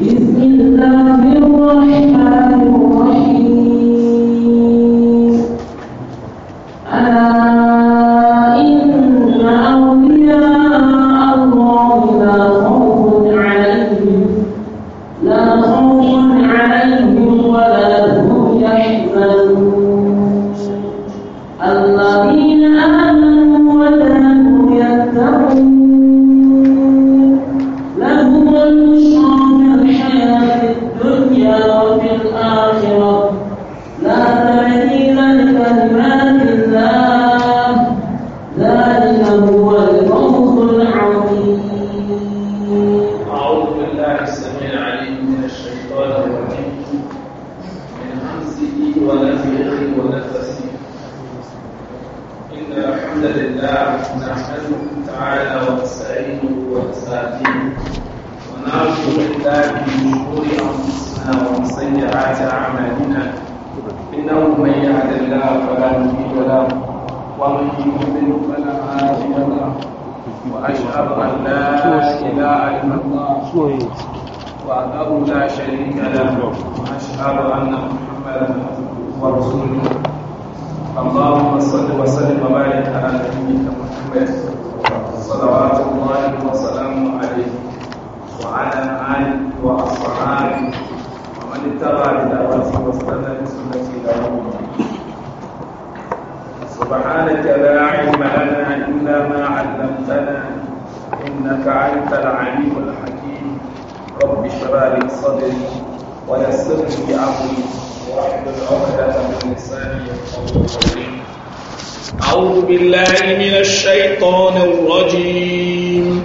إِنَّ فِي اللهم صل وسلم وبارك على نبيك محمد صلوات الله وسلامه عليه وعلى اله واصحابه ومن اتبع بدعوته واستنى بسنته الى يوم سبحانك لا علم لنا الا ما علمتنا انك انت العليم الحكيم رب اشرح لي صدري ويسر لي امري واحلل عقده من لساني يفقهوا قولي أعوذ بالله من الشيطان الرجيم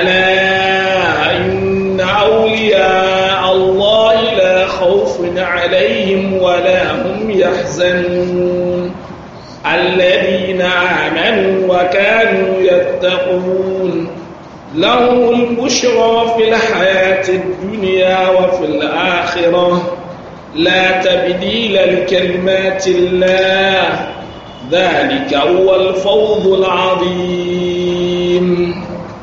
ألا إن أولياء الله لا خوف عليهم ولا هم يحزنون الذين آمنوا وكانوا يتقون لهم البشرى في الحياة الدنيا وفي الآخرة لا تبديل لكلمات الله ذلك هو الفوز العظيم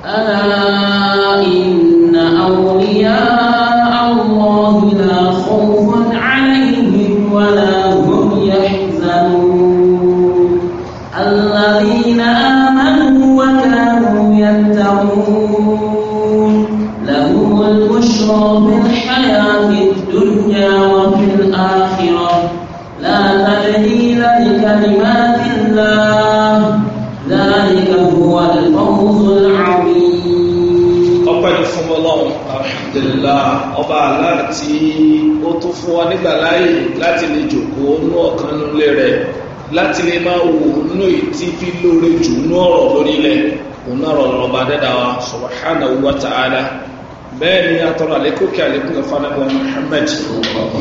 ألا إن أولياء الله لا خوف عليهم ولا هم يحزنون الذين آمنوا وكانوا يتقون لهم البشرى في الحياة الدنيا وفي الآخرة لا ذلك لكلمات الله ذلك هو الفوز العظيم ọpẹ́ fún Ọlọ́run alhamdulillah ọba aláàtí ó tún fún wa nígbà láàyè láti lè jòkóó nú ọ̀kan nílé rẹ̀ láti lè máa wò nú ìtí fi lóore jù nú ọ̀rọ̀ lórílẹ̀ òun náà rọrùn ọba dẹ́dàá wa subhanahu wa ta'ala bẹ́ẹ̀ ni atọ́rọ àlékún kí àlékún ẹ̀fánàbọ̀ Muhammad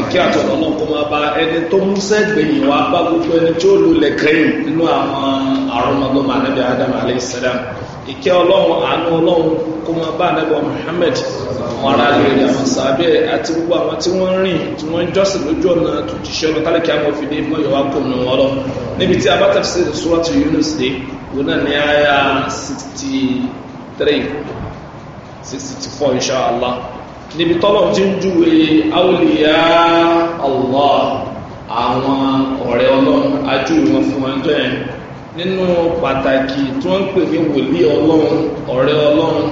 ìkí àtọ̀rọ̀ náà kó máa bá ẹni tó mú sẹ́gbẹ̀yìn wá bá gbogbo ẹni tí ó lulẹ̀ kẹ́yìn nínú àwọn àrọ́mọdọ́mọ anábì Adam aleyhisselam ìkí ọlọ́run àánú ọlọ́run kó máa bá anábọ̀ Muhammad àwọn ará lè rí àwọn sàábẹ̀ àti gbogbo àwọn tí wọ́n rìn tí wọ́n jọ́sìn lójú ọ̀nà tòjíṣẹ́ ọ̀nà tálẹ̀kì amòfìdé mọ́yọ̀wá kò nù wọn lọ níbi tí abatafsir suratu Yunus dé wọn náà ní àyà 63 64 insha Allah níbi tọ́lọ̀ tí ń júwe awliya Allah àwọn ọ̀rẹ́ ọlọ́run ajúwe wọn fún wọn jẹ́ nínú pàtàkì tí wọ́n ń pè ní wòlíì ọlọ́run ọ̀rẹ́ ọlọ́run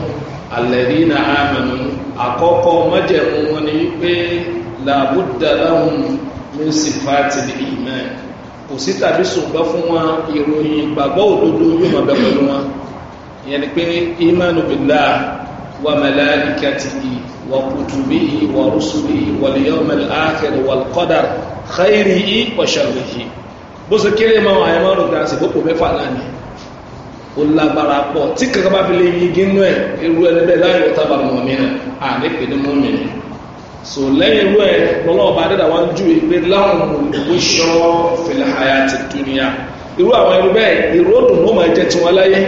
alladhina amanu àkọ́kọ́ májẹ̀mú wọn ni wípé làbúdà lahum min sifatil iman kò sí tàbí ṣùgbọ́n fún wọn ìròyìn ìgbàgbọ́ òdodo yóò máa bẹ pẹ̀lú wọn ìyẹn ni pé imanu billah وملائكته وكتبه ورسله واليوم الآخر والقدر خيره وشره bó ṣe kéré máa wà ẹ̀mọ́ ọ̀rọ̀ gbàǹsì gbogbo mẹ́fà náà ni ó lágbára pọ̀ tí kankan bá fi lè yigi inú ẹ̀ irú ẹni bẹ́ẹ̀ láyọ̀ tábà mọ̀ mí nà á ní pè ní mọ́mí ni so lẹ́yìn irú ẹ̀ lọ́lọ́ ọba adéda wa ń ju ìgbé láwọn olùkó ṣọ́ fìlàhàyà ti dúnìyà irú àwọn irú bẹ́ẹ̀ ìró dùn ó máa jẹ́ tiwọn láyé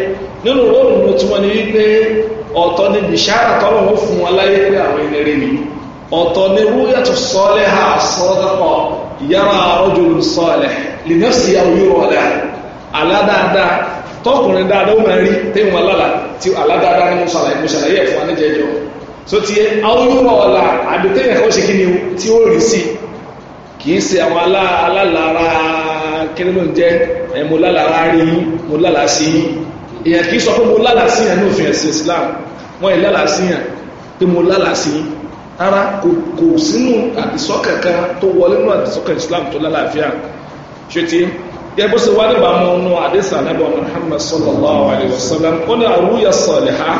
nínú ìró dùn ó tiwọn ni wípé ọ̀tọ̀ ni bìṣára tọ́lọ̀ wọ́n fún wọn láyé pé àwọn ẹni rẹ̀ ni ọ̀tọ̀ ni rúyàtù sọ́ọ́lẹ̀ ha sọ́ọ́dọ́kọ̀ yára rọ́jò sọ́ọ́lẹ̀ lìnẹ́sì yàwó yóò rọ̀ aládáadáa tọkùnrin dáadáa ó máa rí téwọn alála tí aládáadáa ni mo ṣàlàyé mo ṣàlàyé ẹ̀fọn aníjẹjọ so ti awúrò ọ̀la àdùtẹ́yẹ kan ṣe kí ni tí ó rí sí kì í ṣe àwọn sọ pé mo lála sí yẹn òfin ẹ̀sìn Islam wọ́n yìí lálàásíyàn pé mo lálàásíyàn rárá kò sínú àdìsọ́kẹ̀ kan tó wọlé nínú àdìsọ́kẹ̀ Islam tó lálàáfíà ṣe ti yẹ́bó sì wá nígbà mọ́ ọ́nà àdìsà nàbọ̀ Muhammad sallallahu alayhi wa sallam ó ní àrúyà sọ̀lẹ̀há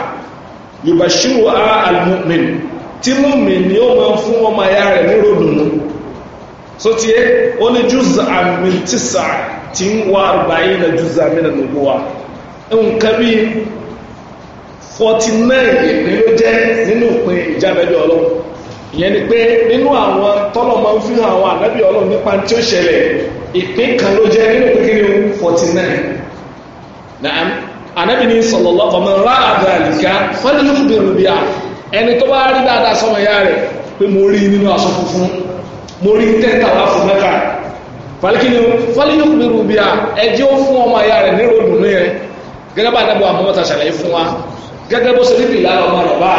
yubashiru a al-mu'min tí mu'min ni ó máa ń fún ọmọ ayá rẹ̀ ní ròdùnú so ti yẹ ó ní júzà àmì tísà tí ń wá àrùbáyé na júzà àmì nà nùgbọ́ wa nǹkan bíi forty nine ìpín ló jẹ́ nínú ìpín ìjábẹ́lẹ́ ọlọ́run ìyẹn ni pé nínú àwọn tọ́lọ̀ ń fi àwọn ànábì ọlọ́run nípa tí ó ṣẹlẹ̀ ìpín kan ló jẹ́ nínú ìpín na forty nine ní sallallahu ọmọ nra àdàlìkà fọlẹ́lùmùbẹ̀rù bíà ẹni tó bá rí dáadáa sọmọ ìyá rẹ̀ pé mo rí nínú aṣọ funfun mo rí fún mẹ́ta falikini fọlẹ́lùmùbẹ̀rù bíà ẹjẹ́ gẹ́gẹ́ bó ṣe ní Bilal ọmọ rọ̀bá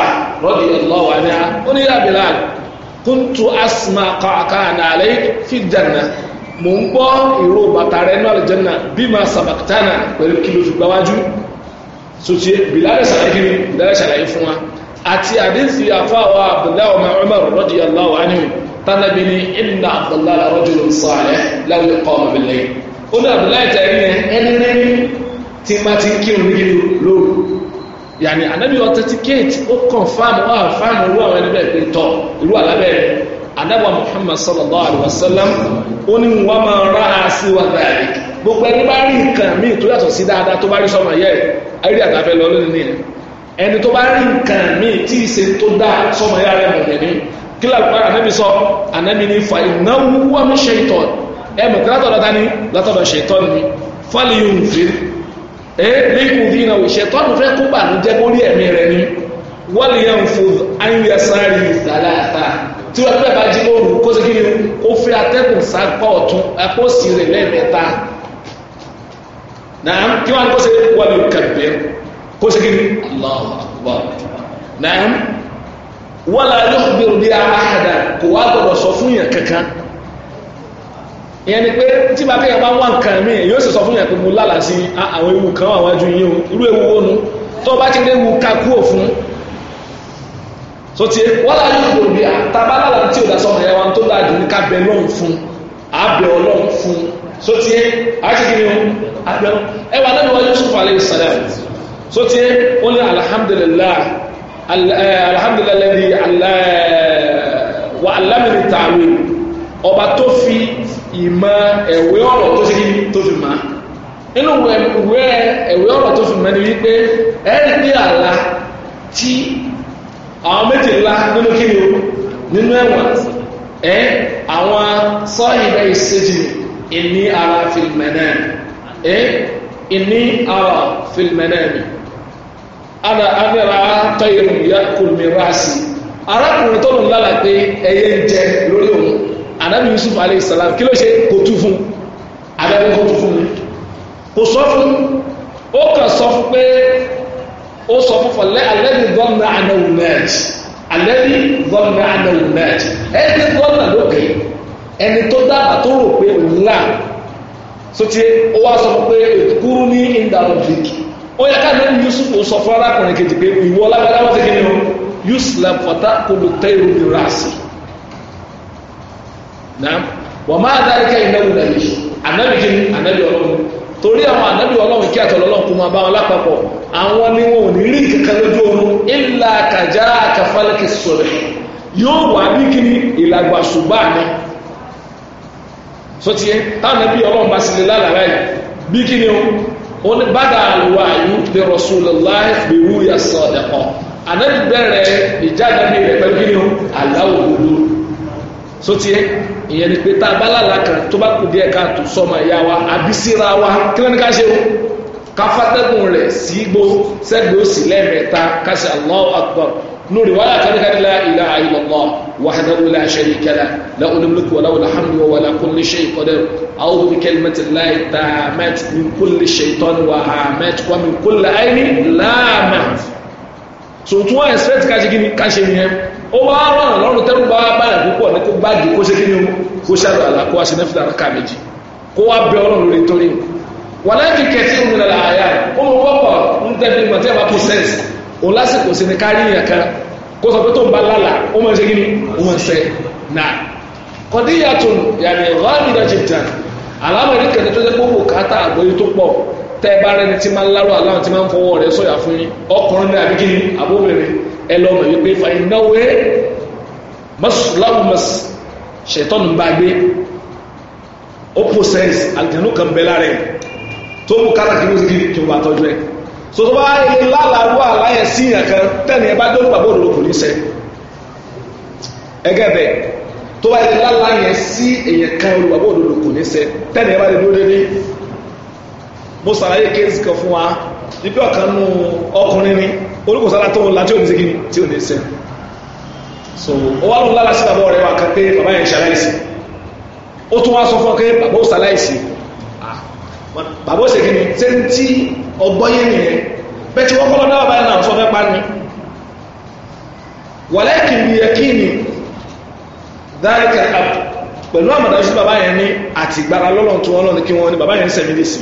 rọ́dì ọlọ́wà ní a ó ní yá Bilal kúntù asma kàkànà àlẹ́ fi jànà mò ń gbọ́ ìró bàtà rẹ̀ náà jẹ́nà bí ma sàbàkítánà pẹ̀lú kìlò ṣùgbáwájú sòtì Bilal ṣàlàyé kiri Bilal ṣàlàyé fún wa àti àdínsì àfáwà Abdullahi ọmọ Umar rọ́dì ọlọ́wà ní yàní anabi ọtẹtikẹti ó kọnfàmù ó àfàmù irú àwọn ẹni bẹ́ẹ̀ pé tọ irú alábẹ rẹ anabi muhammad sallallahu alaihi wa sallam ó ní wọn máa rà á sí wa báyìí gbogbo ẹni bá rí nǹkan míì tó yàtọ̀ sí dáadáa tó bá rí sọmọ yẹ ayélujára àtàfẹ lọ lónìí nìyẹn ẹni tó bá rí nǹkan míì tí ì ṣe tó dá sọmọ yẹ rẹ mọ̀lẹ́ni kí lálùkọ́ anabi sọ anabi ní fa ìnáwó wọn ṣe ìtọ̀ ẹ mọ̀ kí látọ̀ lọ́tà ni látọ̀ lọ́ Eh, lẹ́kùnrin náà ìṣẹ̀tọ́nù fẹ́ kó bà ní jẹ́ mórí ẹ̀mí rẹ ni wọ́n lè yẹn fò ayélujára ìdálàta tí wọ́n fẹ́ bá jí lóru kó sì kíni ó fẹ́ atẹ́kùn sápá ọ̀tún apó sì rẹ̀ lẹ́ẹ̀mẹ́ta náà kí wọ́n kó sì wọ́n lè kàgbẹ́ kó sì kíni Allahu Akbar náà wọ́n lè yọ̀ọ́ bí i àhàdà kò wá gbọ́dọ̀ sọ fún yẹn kankan ìyẹn ni pé tí bàbá yẹn bá wà nǹkan mi yóò sì sọ fún yẹn pé mo lálàá sí àwọn ewu kan àwọn ajú yín o irú ewu wo nu tó bá ti léwu ká kúrò fún tó ti wọ́n láyé ìgbòho bíi àtàbá lálàá tí ò dá sọmọ yẹn wa tó dáa jù ní ká bẹ lọ́hùn fún àbẹ ọlọ́hùn fún tó ti yẹ àṣìkiri o àbẹ ẹ wà lẹ́nu wa Yusuf alayhi salam tó ti yẹ ó ní alhamdulilayi eh, alhamdulilayi eh, wa alamini ta'wil. ọba tó fi ìmọ̀ ẹ̀wé ọ̀rọ̀ tó ṣe tó fi ma nínú ìwé ẹ̀wé ọ̀rọ̀ tó fi máa ni wípé ẹ̀rí pé tí àwọn méjì ńlá nínú kí ni o nínú ẹwà ẹ àwọn sọ́yìnbẹ̀ ìṣèjì ìní ara ẹ ìní ara mi ana anira ya yá arákùnrin tó ẹyẹ ń jẹ lórí anabi yusuf alayhi salam kí ló ṣe kò tú fún abẹ́rẹ́ kò tú fún mi kò sọ fún ó kàn sọ fún pé ó sọ fún fọlẹ́ alẹ́bí gọ́ọ̀nà anáwó mẹ́ẹ̀tì alẹ́bí gọ́ọ̀nà anáwó mẹ́ẹ̀tì ẹni gọ́ọ̀nà lókè ẹni tó dábàá tó rò pé òun là sotí ó wá sọ fún pé kúrú ní indalofik ó yẹ ká lẹ́nu yusuf ó sọ fún arákùnrin kejì pé ìwọ lágbàdá wọn ti kí ni o yusuf làbọ̀tà kò lò tẹ́ ìròyìn rà sí náà wọ́n máa dárí kẹ́yìn náà lùdà yìí ànábì kí ni ànábì ọlọ́run torí àwọn ànábì ọlọ́run kí àtọ̀ lọ́lọ́run kó máa bá wọn lápapọ̀ àwọn ni wọn ò ní rí kankan lójú oorun ìlà kàjá kàfálẹ́kì sọ̀rọ̀ yóò wà ní kí ni ìlàgbàsùgbà ni sotie táwọn ẹbí ọlọ́run bá sílẹ̀ lálàrá yìí bí kí ni ó ní bàdà àlùwà yìí lè Rasulullahi fìwú yà sóti ẹ ìyẹn ni pé tá a bá lálàá kan tó bá kù díẹ̀ ká tó sọmọ ìyá wa àbí síra wa kí ló ní ká ṣe o ká fàtẹ́gùn rẹ̀ sí igbó sẹ́gbẹ̀ẹ́ òsì lẹ́ẹ̀mẹ́ta ká ṣe Allahu Akbar lórí wàhálà kan ní ká ní la ilaha illallah wahdahu la sharika lah lahul mulku wa lahul hamdu wa ala kulli shay'in qadir a'udhu bi kalimatillahi tammati min kulli shaytanin wa so tí wọ́n expect káṣe kí ni káṣe nìyẹn ó wá ràn lọ́rùn tẹ́rù bá báyà púpọ̀ ní kó báàgì kó ṣe kí ni kó ṣàlù àlà kó aṣẹ nẹ́fìlà rẹ̀ ká méjì kó wá bẹ ọlọ́run lórí torí wà láti kẹtí òun nílẹ̀ àyà ó mọ wọ́pọ̀ ń tẹ́lẹ̀ nígbà tí a bá kó sẹ́ẹ̀sì òun lásìkò sí ni kárí ìyàn kan kó sọ pé tó ń bá lálà ó mọ̀ ṣe kí ni ó mọ̀ ṣe náà kọ̀díyàtùn yàrá ìwádìí tẹ́ ẹ bá rẹ́ni tí máa ń lárò aláwọ̀ tí máa ń fọwọ́ rẹ̀ sọ̀yà fún yín ọkùnrin náà àbíkí ni àbóbìnrin ẹ lọ mọ̀ wípé fàyín náwó ẹ mọ́sùláwùmọ́sì ṣètọ́nù bá gbé ó pòsẹ́sì kan bẹ́ lára ẹ̀ tó mú káràkiri ó sì kiri kí bá tọ́jú ẹ̀ so tó bá yẹ lálàrú àláyẹ sí ìyàn kan tẹ́ni ẹ bá dọ́rù bàbá òdòdó kò ní sẹ́ ẹgẹ́ bẹ́ẹ̀ tó bá yẹ lálàyẹ sí èèyàn kan olùbàbá òdòdó kò ní sẹ́ tẹ́ni ẹ bá dé dúró déédéé mo sàlàyé kéèsì kan fún wa ibi ọ̀kan nú ọkùnrin ni olùkọ́sára tó ń la tí ò ní segin tí ò ní sẹ́ so ó wá lóun lára sí bàbá ọ̀rẹ́ wa kan pé bàbá yẹn ṣaláìsì ó tún wá sọ fún ọ pé bàbá ó ṣaláìsì bàbá ó segin ṣe ń tí ọgbọ́n yẹn nìyẹn bẹ́ẹ̀ tí wọ́n kọ́ lọ́dọ̀ bàbá yẹn náà tó fẹ́ pa ni wàlẹ́kìn bí yẹkìnì dáríkà pẹ̀lú àmàdájú bàbá yẹn ní àtìgbára lọ́lọ́run tí wọ́n lọ́ni kí wọ́n ní bàbá yẹn ń sẹ̀mí lè sí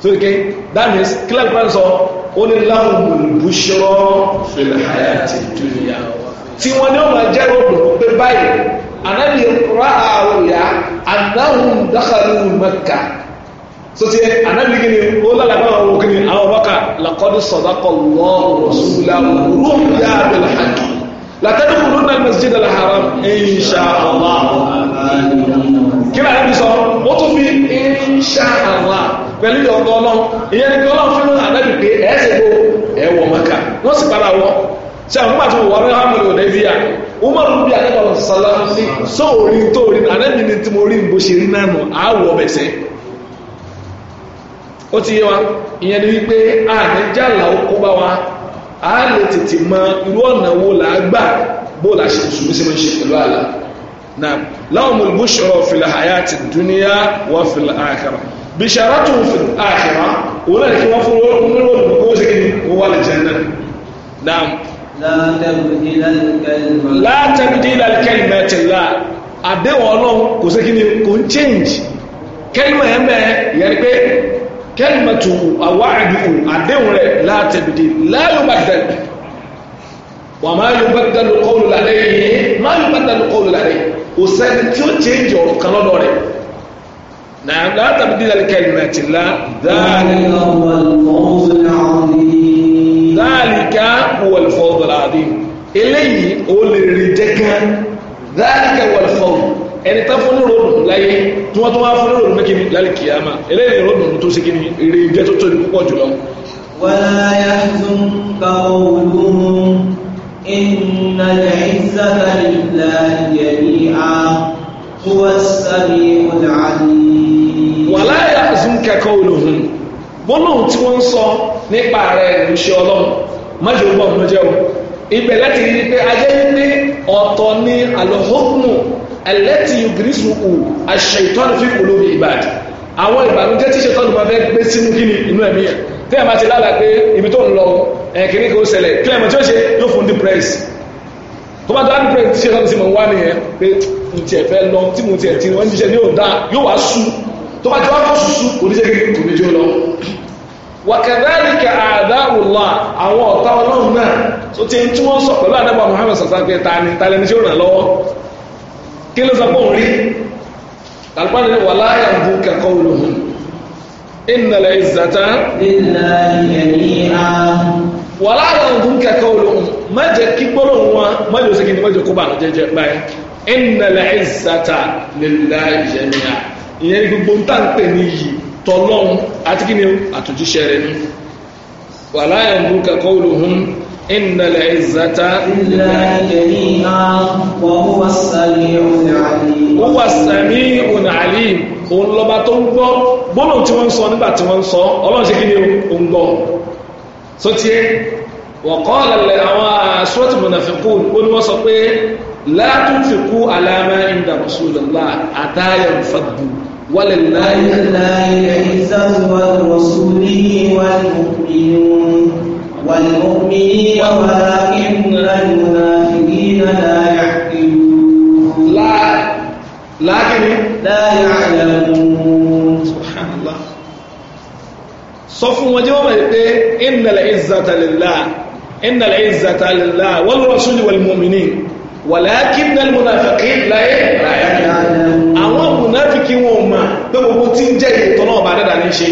so ke that means clear plan sọ ó ní láhùn bùṣọ́ fìlàyà ti dúnìyà tí wọ́n ní ọmọ jẹ́ rògbò pé báyìí anábì rà àwòyà anáhùn dákàlù mẹ́ka so ti anábì kí ni ó lálàbà àwọn òkè ni àwọn ọmọkà làkọ́dù sọ̀dákọ̀ lọ́rùn rọ̀ṣúlá rúbíà bẹ̀lẹ̀hàkì látẹ́dùkùn lónà masjid al-haram insha Allah pẹ̀lú ìyọ̀ǹda ọlọ́run ìyẹn ni pé ọlọ́run fẹ́ràn pé eze gbo, gbó maka wọ́n sì padà wọ́ ṣe àwọn pàtó umaru bí anábì ọ̀rọ̀ ní sóòrí tóòrí anábì ni tí mo rí ṣe rí àwọ̀ bẹ̀sẹ̀ ó ti yé wa ìyẹn ni wípé àníjàlá ó bá wa lè tètè mọ irú ọ̀nà la ṣe ṣe pẹ̀lú àlá náà bisharatu fil akhirah òun náà kí wọ́n fún onírò kó ṣe kí ni kó wà lè jẹ́nà naam. látàbídí lálùkẹ́lì mẹ́tìlá àdéhùn ọlọ́run kò ṣe kí ni kò ń change kẹ́lìmọ̀ ẹ̀ mẹ́ẹ̀ yẹn pé kẹ́lìmọ̀ tù àwọ̀ àdìhùn àdéhùn rẹ̀ látàbídí lálùbàdàlù wà máa yóò bá dàlù kọ́ọ̀lù lálẹ́ yìí máa yóò bá dàlù kọ́ọ̀lù lálẹ́ yìí kò sẹ́ni tí ó change ọ̀rọ̀ kan lọ́dọ̀ rẹ̀. نعم لا تبديل لكلمات الله ذلك هو الفوز العظيم ذلك هو الفوز العظيم eléyìí ó lè rí jẹ́ gan ذلك هو الفوز ẹni tán fún ròdùn láyé tí wọ́n tún wá fún ròdùn méjì lálẹ́ kìyàmá eléyìí ròdùn tó ṣe kí ni rí jẹ́ tó tóbi púpọ̀ jùlọ. ولا يحزنك قولهم إن العزة لله جميعا هو السميع العليم kẹ́kọ̀ọ́ olóhùn gbólóhùn tí wọ́n ń sọ nípa rẹ̀ ìṣe ọlọ́run májò ń bọ̀ ọ̀nà jẹ́ o ibẹ̀ láti rí pé ajé ní ọ̀tọ̀ ní alọ́hókùnmù ẹlẹ́tì gírísùkù àṣẹ ìtọ́nù fi kò lóbi ìbàdí àwọn ìbànújẹ́ tí ṣe tọ́nù máa fẹ́ gbé sínú kí ni inú ẹ̀mí ẹ̀ tí a máa ti lálàá pé ibi tó ń lọ ẹ̀kìrí kò ṣẹlẹ̀ kí ẹ̀mọ̀ tí ó ṣe yóò fún depressed tó bá tó láti pray ṣe tọ́nù sí mọ̀ wá nìyẹn pé mo tiẹ̀ fẹ́ lọ tí mo tiẹ̀ ti wọ́n ti ṣe ní òdá yóò wá sú tó bá jọ ọkọ̀ ṣùṣù kò ní sẹ́kẹ̀ẹ́ kò ní jó lọ wàkàdáríkà àdáwòlá àwọn ọ̀tá ọlọ́run náà tó ti ń tí wọ́n sọ pẹ̀lú àdábà Muhammad sàtàkì tani tani ní tí ó ràn lọ́wọ́ kí ló sọ pé òun rí tàbí ní wà kẹ́kọ̀ọ́ olóhùn ìyẹn gbogbo ń tàǹpẹ̀ ní yìí tọ́lọ́hún àti kí ni àtòjíṣẹ́ rẹ̀ ní wà láyé ń búrúkà kọ́ olóhun ìnàlẹ̀ ìzàtà wọ́wà sàmí ònàlì òun lọ́ba tó ń gbọ́ gbọ́nà tí wọ́n ń sọ nígbà tí wọ́n ń sọ ọlọ́run ṣe kí ni ó ولله يئسه ورسوله والمؤمنون والمؤمنين ولكن المنافقين لا يعقلون لا لكن لا يعلمون سبحان الله صف وجوب ان العزه لله ان العزه لله والرسول والمؤمنين ولكن المنافقين لا إيه؟ يعلمون kí wọn ò mọ̀ pé gbogbo tí ń jẹ́ ètò náà bá dẹ́dà ní ṣe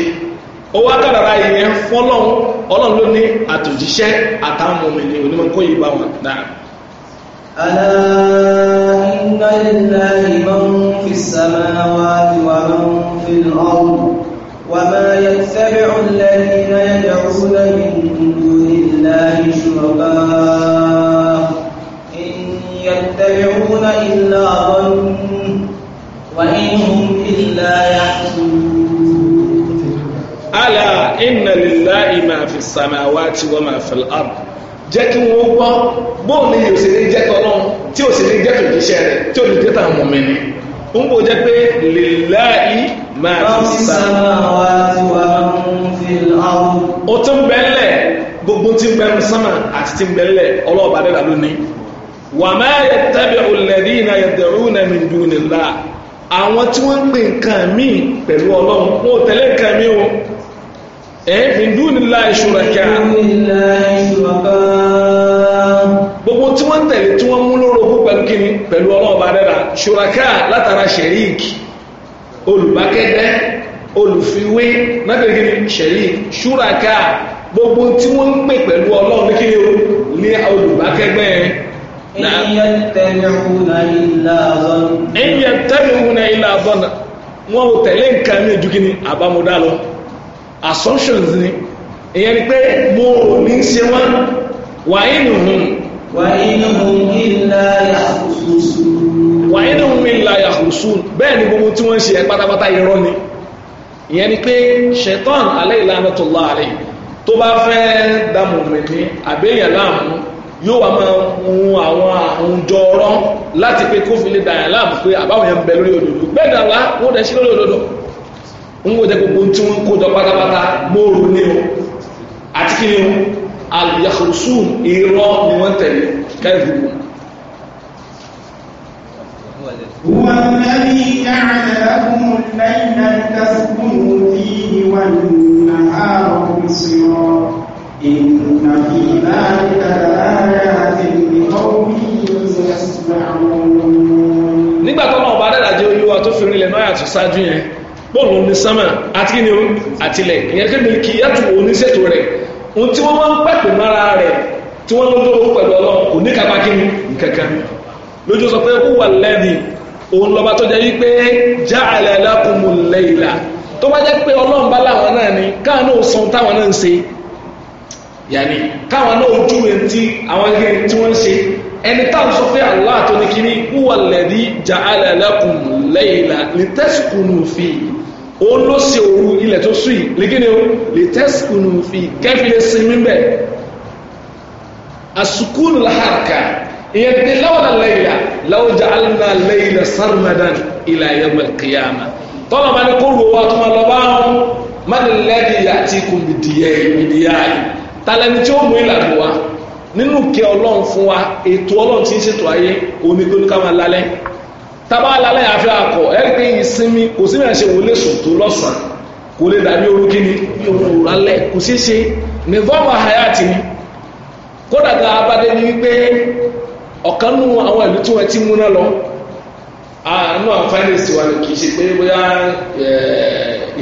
owó akádàrà ìyẹn fọlọ́run ọlọ́run ló ní àtòjíṣẹ́ àtàwọn ọmọ ènìyàn onímọ̀ kó yí bá wọn dáa. ألا إن لله من في السماوات ومن في الأرض وما يتبع الذين يدعون من دون الله شركاء إن يتبعون إلا ظن وإن لا يحزنون ألا إن لله ما في السماوات وما في الأرض jẹ́ kí wọ́n gbọ́ bóun ni yóò ṣe ní jẹ́ tọ́lọ́run tí ò sì ní jẹ́ tòjíṣẹ́ rẹ̀ tí ò ní jẹ́ tàwọn ọmọ mi ń bò jẹ́ pé lillahi máa fi samawati wa fi al-ard. ó tún bẹ́ẹ̀lẹ̀ gbogbo tí àwọn tí wọ́n ń pè nǹkan míì pẹ̀lú ọlọ́run wọn tẹ̀lé nǹkan míì o ẹ̀ẹ́dìndú nílá ìṣúra kíá gbogbo tí wọ́n tẹ̀lé tí wọ́n mú lóró fún pẹ̀lú kíni pẹ̀lú ọlọ́ọ̀bá rẹ̀ra ṣúra kíá látara ṣẹ̀ríìkì olùbákẹ́dẹ́ olùfiwé mẹ́tẹ̀lẹ́ kíni ṣẹ̀ríìkì ṣúra kíá gbogbo tí wọ́n ń pè pẹ̀lú ọlọ́run ní kíni olùbákẹ́gbẹ́ نعم إن يتبعون إلا ظن إن يتبعون إلا ظن wọn ò tẹ̀lé nǹkan mi ju kíni àbámúdá lọ assumptions ni ìyẹn ni pé mo ò ní í ṣe wọn wà inú hùn. wà inú hùn illa yahrusun. bẹ́ẹ̀ ni gbogbo tí wọ́n ṣe ẹ̀ pátápátá irọ́ ni ìyẹn ni pé ṣẹ̀tàn alayhi lanatullah tó bá fẹ́ dààmú mi àbẹ́yẹ̀ láàmú yóò wá máa hun àwọn àwùjọ ọ̀rọ̀ láti pé kó fi lè dàyà láàmú pé àbáwọn yẹn lórí òdòdó bẹ́ẹ̀ wọ́n dẹ̀ sí lórí òdòdó ń wọ́n dẹ̀ gbogbo tí wọ́n kó jọ pátápátá mọ́ọ̀rù ni o àti kí ni o al ni wọ́n tẹ̀lé kẹ́ẹ̀fù. هو الذي جعل لكم الليل لتسكنوا فيه إن في ذلك لآيات لقوم يسمعون nígbà olúwa tó fi rinlẹ̀ náà yàtọ̀ ṣáájú yẹn bọ́ọ̀lù ní sánmà àti kí ni o àtìlẹ̀ ìyẹn kí ni kì í yàtọ̀ oníṣètò rẹ̀ ohun tí wọ́n máa ń pẹ̀pẹ̀ mára rẹ̀ tí wọ́n lọ́dọ̀ ó pẹ̀lú ọlọ́run kò ní kápá kí ni kankan lójú sọ pé ó wà lẹ́ni òun lọ́ba tó jẹ́ wípé ja'ala lakumul layla tó bá jẹ́ yàní káwọn náà ojú rẹ̀ tí àwọn ẹgbẹ́ tí wọ́n ń ṣe ẹni táwọn sọ pé Allah tó ní kíní huwa alladhi ja'ala lakum layla litaskunu fi òun ló ṣe òru ilẹ̀ tó sùn yìí lẹ́gẹ́ni o litaskunu fi kẹ́fìlẹ̀ sinmi bẹ́ẹ̀ asukunu laharaka ìyẹn ti lawla layla law ja'alna layla sarmadan ila yawm al-qiyamah kó ru owó àtúmọ̀ lọ́wọ́ mọ́ni lẹ́yìn àti kùn bìdìyà yìí tàlẹ́ni tí ó mú ìlànà wa nínú kẹ ọlọ́run fún wa ètò ọlọ́run tí ń ṣètò ayé òní tó ní ká máa lálẹ́ tábà lálẹ́ àfẹ́ akọ ẹ̀rí pé ìsinmi kò sí mìíràn ṣe wò lè sùn tó lọ́sàn-án kò lè dàbí orú kíni bí òun ò rálẹ̀ kò sí ṣe nìfọ́ọ̀mù àyàtì ni kódà tá a bá wípé ọ̀kan nù àwọn ìlú tí wọ́n ti múná lọ àánú àǹfààní ìsìwà ni kì í ṣe pé bóyá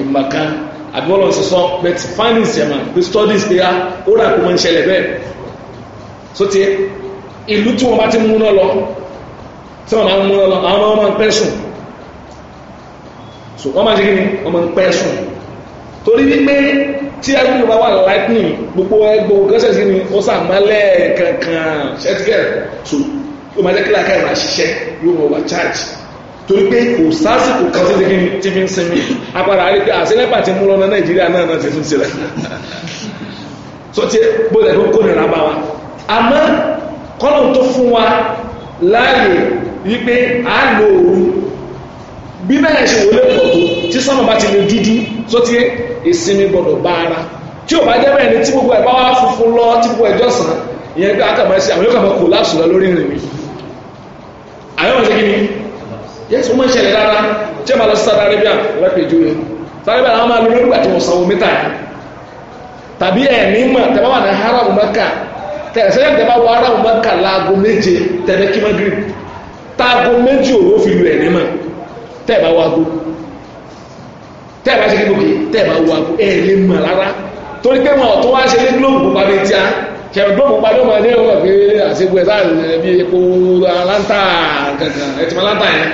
ìmọ̀kan àbí wọ́n sọ but findings yẹn mà studies pé a ah, ó rà kó máa ń ṣẹlẹ̀ bẹ́ẹ̀ so ti ìlú tí wọ́n bá ti múná lọ tí wọ́n máa ń lọ àwọn ọmọ ń pẹ́ so wọ́n máa ń ṣe kí ni wọ́n ń pẹ́ torí wípé tí ẹgbẹ́ bá wà lightning gbogbo ẹgbẹ́ gọ́sẹ̀ sí ni ó sàmálẹ̀ kankan ṣẹ́tìkẹ̀ so ó máa jẹ́ kí làákàyè máa ṣiṣẹ́ yóò wọ̀ wá charge torí pé kò sásìkò kan tí fi ń sinmi apára rí pé àṣẹlẹ́pà ti mú lọ́nà nàìjíríà náà náà ti tún sílẹ̀ tó ti bóyá tó kó nira bá wa àmọ́ kọ́nà tó fún wa láàyè wípé a lò ooru bí náà ṣe wọlé pọ̀ tó tí sọ́mọ̀ bá ti lè dúdú tó ti ìsinmi gbọ́dọ̀ bá ara tí ò bá jẹ́ bẹ́ẹ̀ ni tí gbogbo ẹ̀ bá wá funfun lọ tí gbogbo ẹ̀jọ́ sàn ìyẹn gbé akàmọ́ sí àwọn yóò kàmọ́ kò láṣùlọ lórí ìrìn mi àyọ̀mọ̀ sí kí ni yẹ́sì wọ́n máa ń ṣẹlẹ̀ dáadáa tí wọ́n máa lọ sí Saudi Arabia lọ́pẹ̀jú rẹ̀ Saudi Arabia làwọn máa lọ nígbà tí wọ́n sanwó mítà tàbí ẹ̀ ní mọ̀ tẹ́lẹ̀ ní haram mẹ́kà tẹ̀sẹ̀ tẹ́ haram mẹ́kà láago méje tẹ́lẹ̀ kí magrib táago méjì òwò fi lu ẹ̀ ní mọ̀ tẹ́ bá wọ ago tẹ́ bá ṣe kíkókè tẹ́ bá wọ ago ẹ̀ lè mọ̀ rárá torí pé wọn ọ̀tún wá ṣe ní glóòbù pupa bíi tíá kẹ̀rù glóòbù pupa ló máa ní ọ̀rọ̀ pé àṣegbè sáà bí epo aláǹtà kankan ẹ̀tìmọ̀ aláǹtà yẹn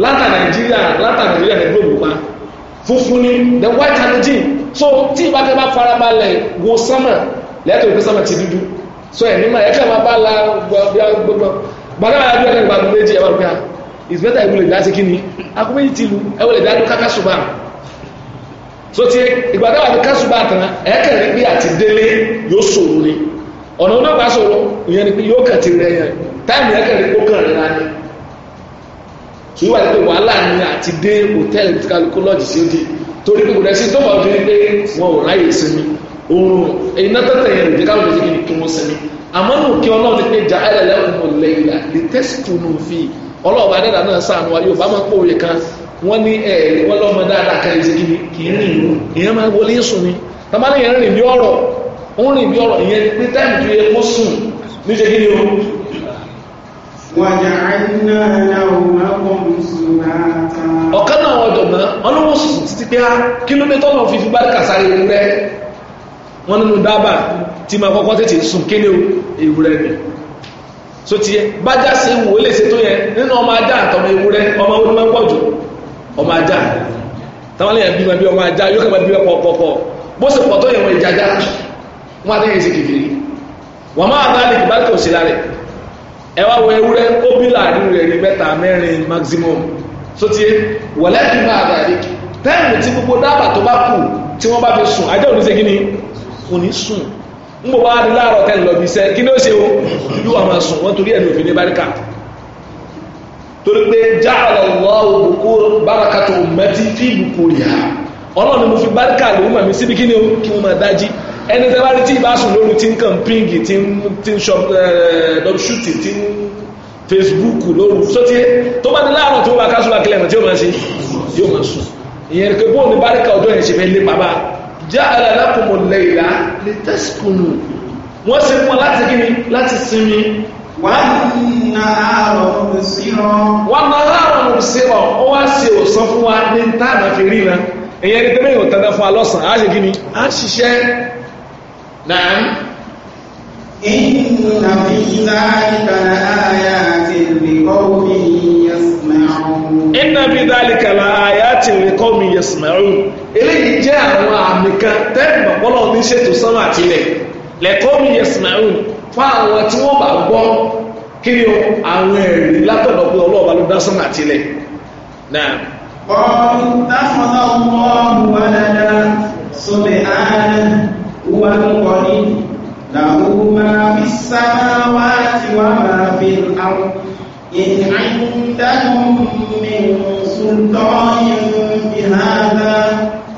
látà nigeria látà naijiria na gbòòrò pa funfun ni the white halogen so tí ìbáfẹ́ bá farabalẹ̀ wo lẹ́tọ̀ ti dúdú so ẹ̀ nímọ̀ ẹ̀kẹ́ máa bá la gbọ́gbọ́ gbàgbà àbí méjì rúbíà ah, it's better ti lu so ti ìgbàgbà àbí kásùbà tán ẹ̀kẹ́ rẹ̀ pé àti délé yóò ṣòro ni ọ̀nà onáwó ìyẹn ni yóò kàn ti rẹ̀ yẹn táìmù rẹ̀ kó kàn rẹ̀ ṣùgbọ́n wà ní pé wàhálà ni àti dé hòtẹ́ẹ̀lì tí kálukú lọ́ọ̀jì sí òde torí pé kò dẹ́sí tó wà bí pé wọn ò ráyè sinmi oorun iná tẹ́tẹ̀ yẹn lòdì káwọn lòdì kí wọ́n sinmi àmọ́ nù kí ọlọ́run pé jà ẹ̀rẹ̀ lẹ́kùn lẹ́yìnlá lè tẹ́sítù nù fi ọlọ́ọ̀bà dẹ́dà náà sànù wa yóò bá máa pòwe kan wọ́n ní ẹ̀ẹ́dì wọ́n lọ́mọ dáadáa kan ẹ̀ṣẹ̀ kìíní kìí rìn ìlú ìyẹn máa wọlé sùn ni tàbálẹ̀ yẹn rìn bí ọ̀rọ̀ ń rìn bí kí ni o. wàjà àìnáà ọ̀kan náà wọ́n dọ̀gbọ́n wọn ló wọ́n sùn títí pé á ah, kílómítà náà fi fi báríkà sáré ewúrẹ́ wọn nínú dábà tí máa kọ́kọ́ tètè sùn kéde ewúrẹ́ mi so ti yẹ bájá ṣe wò ó lè ṣe tó yẹ nínú ọmọ ajá àtọmọ ewúrẹ́ ọmọ ewúrẹ́ máa ń pọ̀ jù ọmọ ajá táwọn lè yàn bímọ bí ọmọ ajá yóò kẹ́kọ̀ọ́ bí ọkọ̀ ọkọ̀ bó ṣe pọ̀ tó yẹ wọn ìjájá wọn àtẹ̀yẹ ṣe kékeré wọn máa bá lè bá kò sí ẹ wá wo ewúrẹ́ ó bí láàrin rẹ̀ rí mẹ́ta mẹ́rin maximum sóti wọ̀lẹ́kì máa dàrí táìmù tí gbogbo dábà tó bá kù tí wọ́n bá fi sùn ajá òní ṣe kí ni kò ní sùn ń bọ̀ wá ní láàárọ̀ tẹ́lẹ̀ lọ bí iṣẹ́ kí ni ó ṣe o yóò wà máa sùn wọ́n torí ẹ̀ ní òfin ní báríkà torí pé já ọ̀lọ́wọ́ òkú bárakàtọ̀ mẹ́tí fíìbù kò rí ha ọlọ́run ni mo fi báríkà lòún màmí síbi kí ni o kí wọ́n máa dájí ẹni tẹ́ bá rí tí ìbá sùn lóru tí ń kàn píngì tí ń tí ń ṣọp ṣútì tí ń Facebook lóru sóti tó bá ní láàárọ̀ tó bá kásùn bá kílẹ̀ mọ̀ tí ó máa ṣe yóò máa sùn ìyẹn kò bóun ní báríkà ọjọ́ yẹn ṣe fẹ́ lé bàbá já ara lákòmọ̀ lẹ́yìnlá lè tẹ́sìkùnù wọ́n ṣe fún ọ láti kí ni láti sinmi. wọ́n na àárọ̀ mọ̀ sí ọ. na àárọ̀ mọ̀ sí ọ ó wá ṣe òsán fún wa ní táàmù àfi rí na ìyẹn ní tẹ́lẹ̀ yóò tẹ́lẹ̀ fún alọ́sàn á ṣe kí ni á ṣiṣẹ́ نعم إن في ذلك لآيات لقوم يسمعون إن في ذلك لآيات لقوم يسمعون eléyìí jẹ́ àwọn àmì kan tẹ́lifà bọ́lá ọdún ṣètò sánmà tilẹ̀ lẹ́kọ́ le yẹ sùnmẹ́rún fa àwọn tí wọ́n bá gbọ́ kí ni àwọn ẹ̀rí látọ̀dọ̀ pé ọlọ́ọ̀bá ló dá sánmà tilẹ̀ náà. ọ̀rọ̀ ìtàkùn náà wọ́n wọ́n wọ́n dáadáa sóde àárín. huwa al-qadir lahu ma fi samawati wa ma fi al-ard in 'indahum min sultanin bi hadha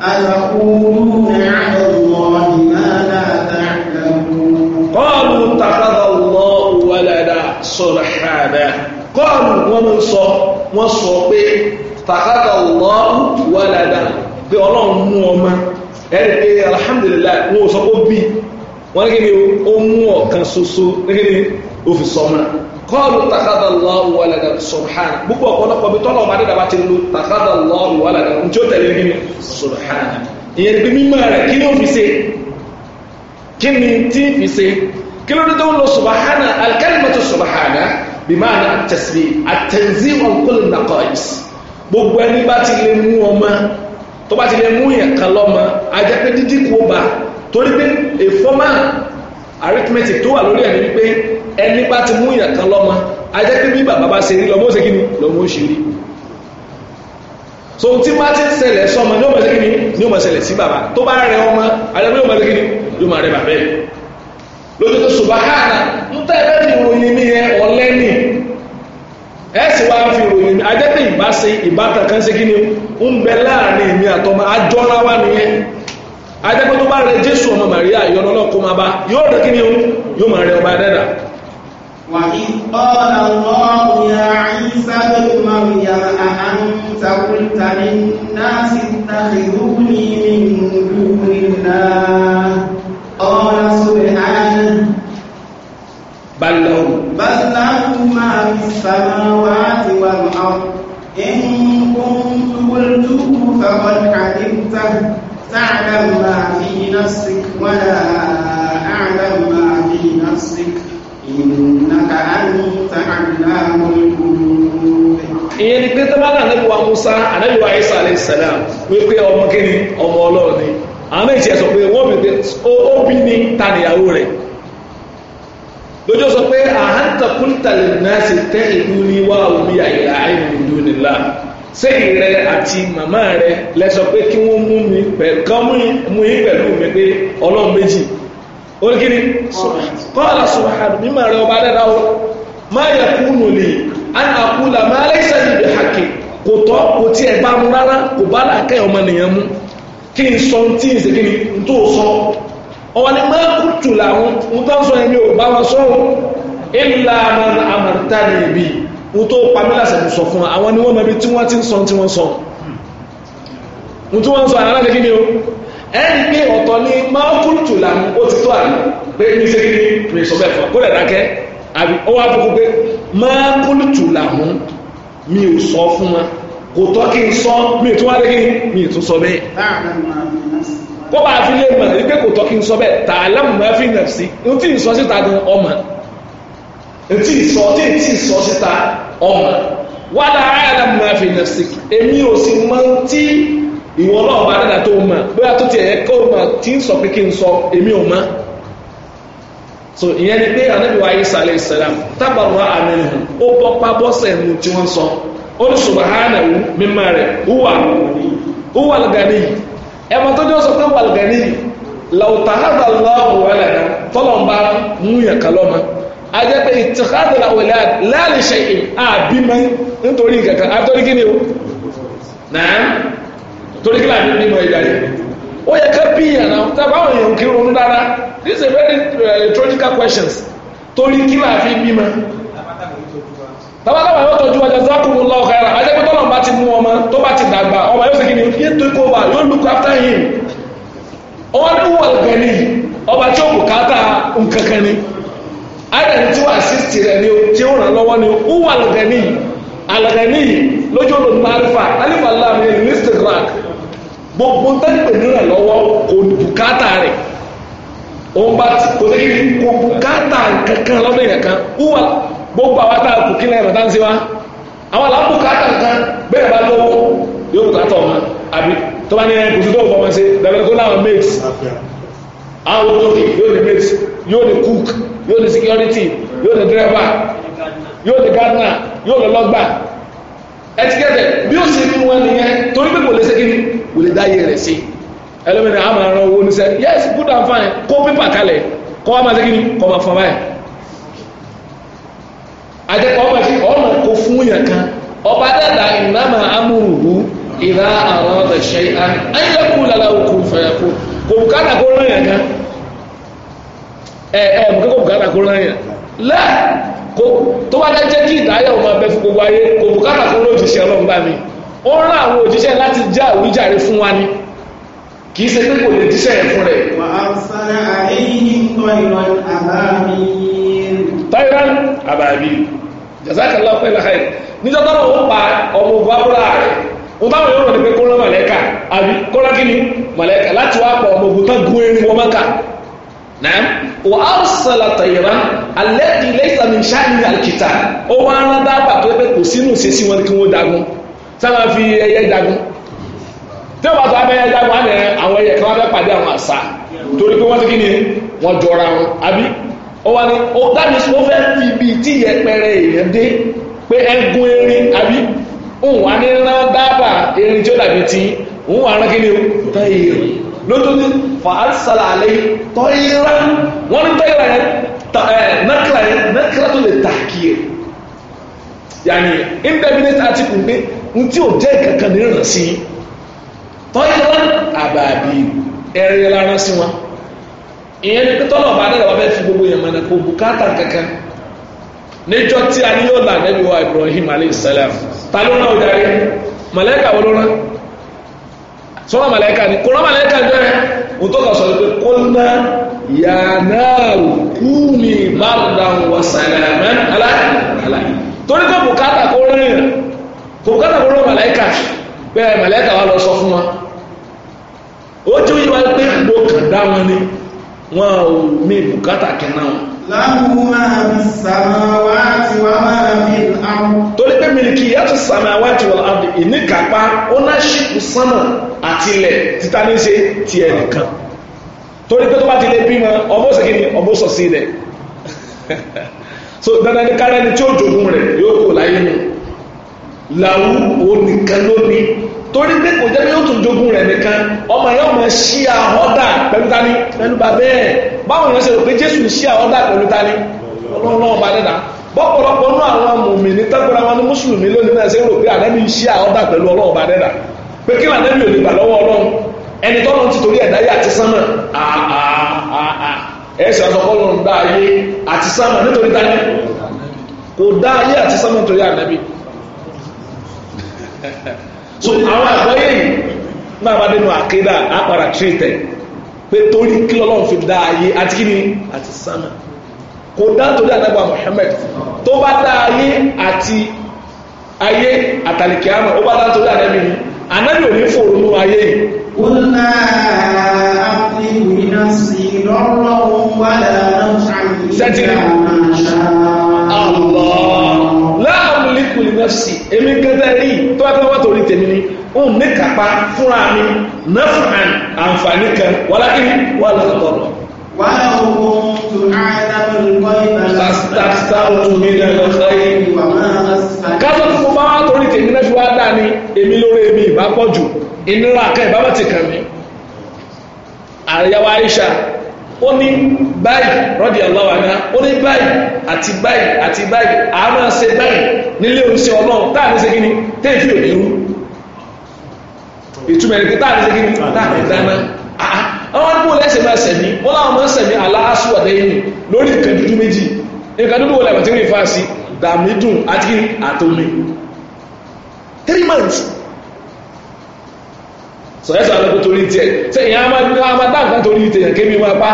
أتقولون على الله ما لا تعلمون قالوا اتخذ الله ولدا سبحانه قالوا ومن صọ wọ́n sọ pé tàkàtà Allah walada pé ọlọ́run mú ọmọ ẹ̀rì pé alhamdulillah wọn ò sọ pé ó bí wọn ní kí ni ó mú ọ̀kan ṣoṣo ní kí ni ó fi sọ mọ́ra kọ́ọ̀lù takada Allahu walada subhana gbogbo ọ̀pọ̀lọpọ̀ bí tọ́lọ̀ ọba dídàbá ti lu takada Allahu walada ní tí ó tẹ̀lé kí ni subhana ìyẹn pé mímọ́ rẹ̀ kí ni ó gbogbo ẹni bá ti lè mú ọmọ tó bá ti lè mú yẹn kan lọ́mọ ajẹ́ pé dídí kú ó bá torí pé a formal arithmetic tó wà lórí ẹ̀ ni wípé ẹni bá ti mú yẹn kan lọ́mọ ajẹ́ pé bí bàbá bá ṣe rí lọ́mọ ṣe kí ni lọ́mọ ṣe rí so tí bá ti ṣẹlẹ̀ sọmọ ní ó ṣe kí ni ní ó máa ṣẹlẹ̀ sí bàbá tó bá rẹ ọmọ ajẹ́ pé ó ṣe kí ni yóò máa rẹ bàbá ẹ̀ lójú tó ṣùgbọ́n káàna ń tẹ́ ẹ̀fẹ́ ti ròyìn mi yẹn ọ̀lẹ́ni ẹ̀sìn wa fi ròyìn ajẹ́pẹ̀ ìbáṣe ìbátan kan ṣe kí ni ń bẹ láàrin èmi àtọmọ ajọ́ra wa nìyẹn ajẹ́pẹ̀ tó bá rẹ Jésù ọmọ Màríà ìyọnu ọlọ́kọ́ máa bá yóò rẹ kí ni yóò máa rẹ ọba dẹ́dà. وإذ قال الله يا عيسى ابن مريم أأنت قلت للناس اتخذوني من دون الله قال سبحانه بل لهم بل لهم ما في السماوات والأرض إن كنت قلته فقد علمته تعلم ما في نفسك ولا أعلم ما في نفسك إنك أنت علام الغيوب ìyẹn ni pé tẹ́bálà ànábì wa Musa ànábì wa Isa alayhi salam wípé ọmọ kíni ọmọ Ọlọ́run ni àwọn méjì ẹ̀ sọ pé wọ́n bí pé ó bí ní tanìyàwó rẹ̀ lójú sọ pé àhántàkúntàlè náà sì tẹ́ ìlú ní wá òbí àìlà àìmùdú nílá ṣé ìrẹ àti màmá rẹ lẹ́sọ pé kí wọ́n mú mi pẹ̀lú mi pé ọlọ́run méjì ó ní ọba má yẹ la má hàkì kò tọ́ kò tí ẹ̀ bá mu rárá kò bá làákẹ́ ọmọ nìyẹn mú kí n sọ tí n ni sọ ọwọ́ ni máa kú tù làwọn mo tó ń sọ ẹni ò bá wọn sọ́hùn ìlà àmàrìtà ní ibi mo tó pamílà sẹ̀mù sọ fún àwọn ni wọ́n mẹ́bí tí wọ́n ti ń sọ tí wọ́n sọ mo tí wọ́n sọ àwọn aláṣẹ kí pé ọ̀tọ̀ ni máa kú ó ti tó àná pé ní ṣe kí ni rè fún kó lẹ̀ ó wá fún pé máa kú mi ò sọ fún wọn kò tọ́ kí n sọ mi tún wá lé mi tún sọ bẹ́ẹ̀ kó bá fi lè mọ̀ wípé kò tọ́ kí n sọ bẹ́ẹ̀ tà lámùmọ́ fi nà sí n tí ì sọ síta gan ọmọ etí ìsọ tí ì tí ì sọ síta ọmọ wàdà àyàlámùmọ́ fi nà sí èmi ò sì mọ tí ìwọ náà bá dáadáa tó mọ bóyá tó tiẹ̀ kó mọ tí ń sọ pé kí n sọ èmi ò mọ so ìyẹn ni pé anábìwá Isa alayhi salam tábàrọ̀ àmì ó bọ́ pábọ́sẹ̀ nù tí wọ́n sọ ó ní subhanahu mímọ́ rẹ̀ huwa ẹmọ tó jọ sọ pé wàlgani làwùtàhádà lọ́wọ́ ẹlẹ́dà tọ́lọ̀mbá múyàn kalọ́mà a jẹ́ pé ìtìkádàlà wẹ̀lẹ́ láàrínṣẹ́ àbímọ́ nítorí kankan àtọ́rí kí ni o náà torí kí láàrin mímọ̀ ìdarí ó yẹ ká bí ìyànà tábáwọn èèyàn kí ronú dára this is a very uh, eh, logical questions torí kí láàrin mímọ̀ bàbá náà yóò tọ́jú ọjà zákùnrin lọ ọ̀gára ajẹ́pẹ́ tọ́lọ̀ bá ti mú ọmọ tó bá ti dàgbà ọmọ yóò sèkìní yóò tó kó wa yóò look after him ọwọ́n ní wọ́n gẹ̀ẹ́nì ọba tí ó kù káàtà nkankan ni ayẹni tí wọ́n assist rẹ̀ ni tí ó ràn lọ́wọ́ ni wọ́n gẹ̀ẹ́nì alẹ́gẹ̀ẹ́nì lójú olóòtú marifa alifa lami mr grant gbogbo ntẹ́gbẹ̀ nílẹ̀ lọ́wọ́ kò bùkátà rẹ̀ òun bá ti kò ní kò bùkátà nkankan lọ́dọ̀ yẹn kan wọ́n gbogbo àwọn tá a kù kí náà ìrọ̀tá ń ṣe wá àwọn àlàkù kàtà kan bẹ́ẹ̀ bá lówó yóò kù kàtà ọ̀ma àbí tó bá ní ẹ kùsù tó fọmọ sí dàbẹ̀rẹ̀ tó láwọn mate àwọn olókè yóò ní mate yóò ní cook yóò ní security yóò ní driver yóò ní gardener yóò ní lọ́gbà ẹtikẹ́tẹ̀ bí ó sì rí wọn nìyẹn torí pé kò lè ṣe kí ni kò lè dáyé rẹ̀ sí ẹlẹ́mìnira àmàràn owó níṣẹ́ yes good and fine kó pépà kalẹ̀ kó wá máa ṣe kí ni kó máa fọ báyìí àjẹpọ̀ ọmọ sí kò fún yàn kan ọba dàda ìnáma amúrùbú ìlà àwọn ọ̀dọ̀ ṣe án ayẹ́kù lálá òkú fẹ̀yàkù kò bùkátà kó rán yàn kan ẹ ẹ kò bùkátà kó rán yàn kò tó bá dá jẹ́ kí ìdáyà ọmọ abẹ́ fún gbogbo ayé kò bùkátà kó rán òjíṣẹ́ ọlọ́run bá mi ó rán àwọn òjíṣẹ́ láti já àwíjàre fún Tayran ababi jazakallahu khairan Ni níjọ́ tọ́lọ̀ ó pa ọmọ ogun abúlá rẹ̀ ó táwọn yóò rọ̀ ní pé kó rán mọ̀lẹ́kà àbí kó rán kí ni mọ̀lẹ́kà láti wá pa ọmọ ogun tán gún erin wọn mọ́kà náà wà á sọ̀lá tairan alẹ́ ilé ìsàmì sáàmì àkìtà ó wá rán dábà tó pé kò sínú ṣe sí wọn kí wọ́n dagun sáwọn fi ẹyẹ dagun tí ó bá tó abẹ́yẹ dagun á nìyẹn àwọn kan wá fẹ́ pàdé àwọn àṣà torí pé ti kí ni wọ́n jọra wọn ó wá ní oh, ó fẹ́ fi tí yẹpẹrẹ èèyàn dé pé ẹgún erin àbí òun wá ní rán dábà erin tí ó dàbí ti òun wá rán ni ó tán èrè lójúdí fàásàlà àlẹ́ tọ́yìnrá wọ́n ní tọ́yìnrá yẹn nákìlá yẹn nákìlá tó lè tàkì ẹ̀ yàní indefinite article pé n ò jẹ́ kankan ní àbàbí ẹ̀rẹ́ sí wọn. ìyẹn ní pẹ́tọ́ náà bá dẹ́rẹ́ wá fẹ́ fi gbogbo yẹn mọ́nà kó bùkátà kankan níjọ́ tí a ní yóò là nẹ́bí wa Ibrahim aleyhisselam ta ló náà darí màlẹ́kà wọ́n ló rán sọ́wọ́ màlẹ́kà ni kò rán màlẹ́kà jẹ́ òótọ́ kan sọ̀rọ̀ pé kó ná yà náà kú ni bardan wa salaman aláàlá torí kó bùkátà kó rán yẹn kò bùkátà kó rán màlẹ́kà bẹ́ẹ̀ màlẹ́kà wa lọ sọ fún wa ó tún yí wa pé gbogbo kàn dá wọn ni wọn ò mí bùkátà kẹ́nà wọn. láwùú máa fi sàmáwáàtì wà máa fi àrùn. torí pé mílíkì yàtọ̀ sàmáwáàtì wà láàbì ìníkàpá ownership sánà àtìlẹ̀ títa ní ṣe tiẹ̀ nìkan torí pé tó bá ti lè bímọ ọmọ òsèké ni ọmọ òsòsí rẹ̀ so dandan ní kárẹ́ni tí ó jogún rẹ̀ yóò kó láyé nù làwùú òun nìkan ló ní torí pé kò jẹ́ pé yóò tún jogún rẹ̀ nìkan ọmọ yẹn ọmọ ṣí àhọ́dà pẹ̀lú tani pẹ̀lú bàbá ẹ̀ báwọn yẹn ṣe rò pé jésù ṣí àhọ́dà pẹ̀lú tani ọlọ́run ọba dẹ́dà bọ́pọ̀lọpọ̀ nú àwọn mùmìnì tẹ́gbọ́ra wọn ní mùsùlùmí lónìí náà ṣe rò pé ànábì ṣí àhọ́dà pẹ̀lú ọlọ́run ọba dẹ́dà pé kí ànábì ò lè gbà lọ́wọ́ ọlọ́run ẹni tọ́lọ́ ti torí ẹ̀dá yà ti sánmà ẹ̀ṣẹ̀ àsọkọ́lọ́ ń dá ayé àti sánmà nítorí tani kò dá ayé àti sánmà nítorí ànábì so àwọn àgbọ́yé yìí náà bá nínú àkédà àpàrà tírìtẹ̀ pé torí kí lọ́lọ́run fi dá ayé àti kí ni àti sánà kò dá torí àdàgbà Muhammad tó bá dá ayé àti ayé àtàlìkẹ́ àmọ́ ó bá dá torí àdàbí ni ànábì ò ní fòrò nú ayé yìí. wọ́n náà àfihàn iná sí lọ́rọ̀ wọn wà láàrín ṣàkíyàn àwọn àṣà nafsi èmi kẹta rí tó bá pẹ́ wọ́n torí tèmi ni ó ní kápá fúnra mi naf'an àǹfààní kan wàlá kí wàlá tọrọ. wàhálà òkun tó àádá olùkọ́ ìbàlá. pásítà òun mi lè lọ sẹ́yìn. kásán tó bá wà torí tèmi náà fi wá dá ni èmi lórí èmi ìbá pọ̀ ìnira kan ìbá bá ti kàn mí. àríyá wa Aisha ó ní báyìí rọ́dì ọlọ́wà náà ó ní báyìí àti báyìí àti báyìí àmọ́ ṣe báyìí nílé oúnjẹ ọlọ́run táà ní ṣe ni téèfì òní rú ìtumọ̀ ẹni pé táà ní ṣe kíni táà ní dáná àwọn àdúgbò lẹ́sẹ̀ máa sẹ̀mí wọ́n láwọn máa ń sẹ̀mí aláàṣù àdéhìn lórí nǹkan dúdú méjì nǹkan dúdú wọlé àbàtí rí fáàsì dàmídùn àti àtòmí three months sọ̀yẹ́sọ̀ àwọn ọkọ̀ torí tiẹ̀ sẹ́yìn amadá nǹkan torí tiẹ̀ kébi máa bá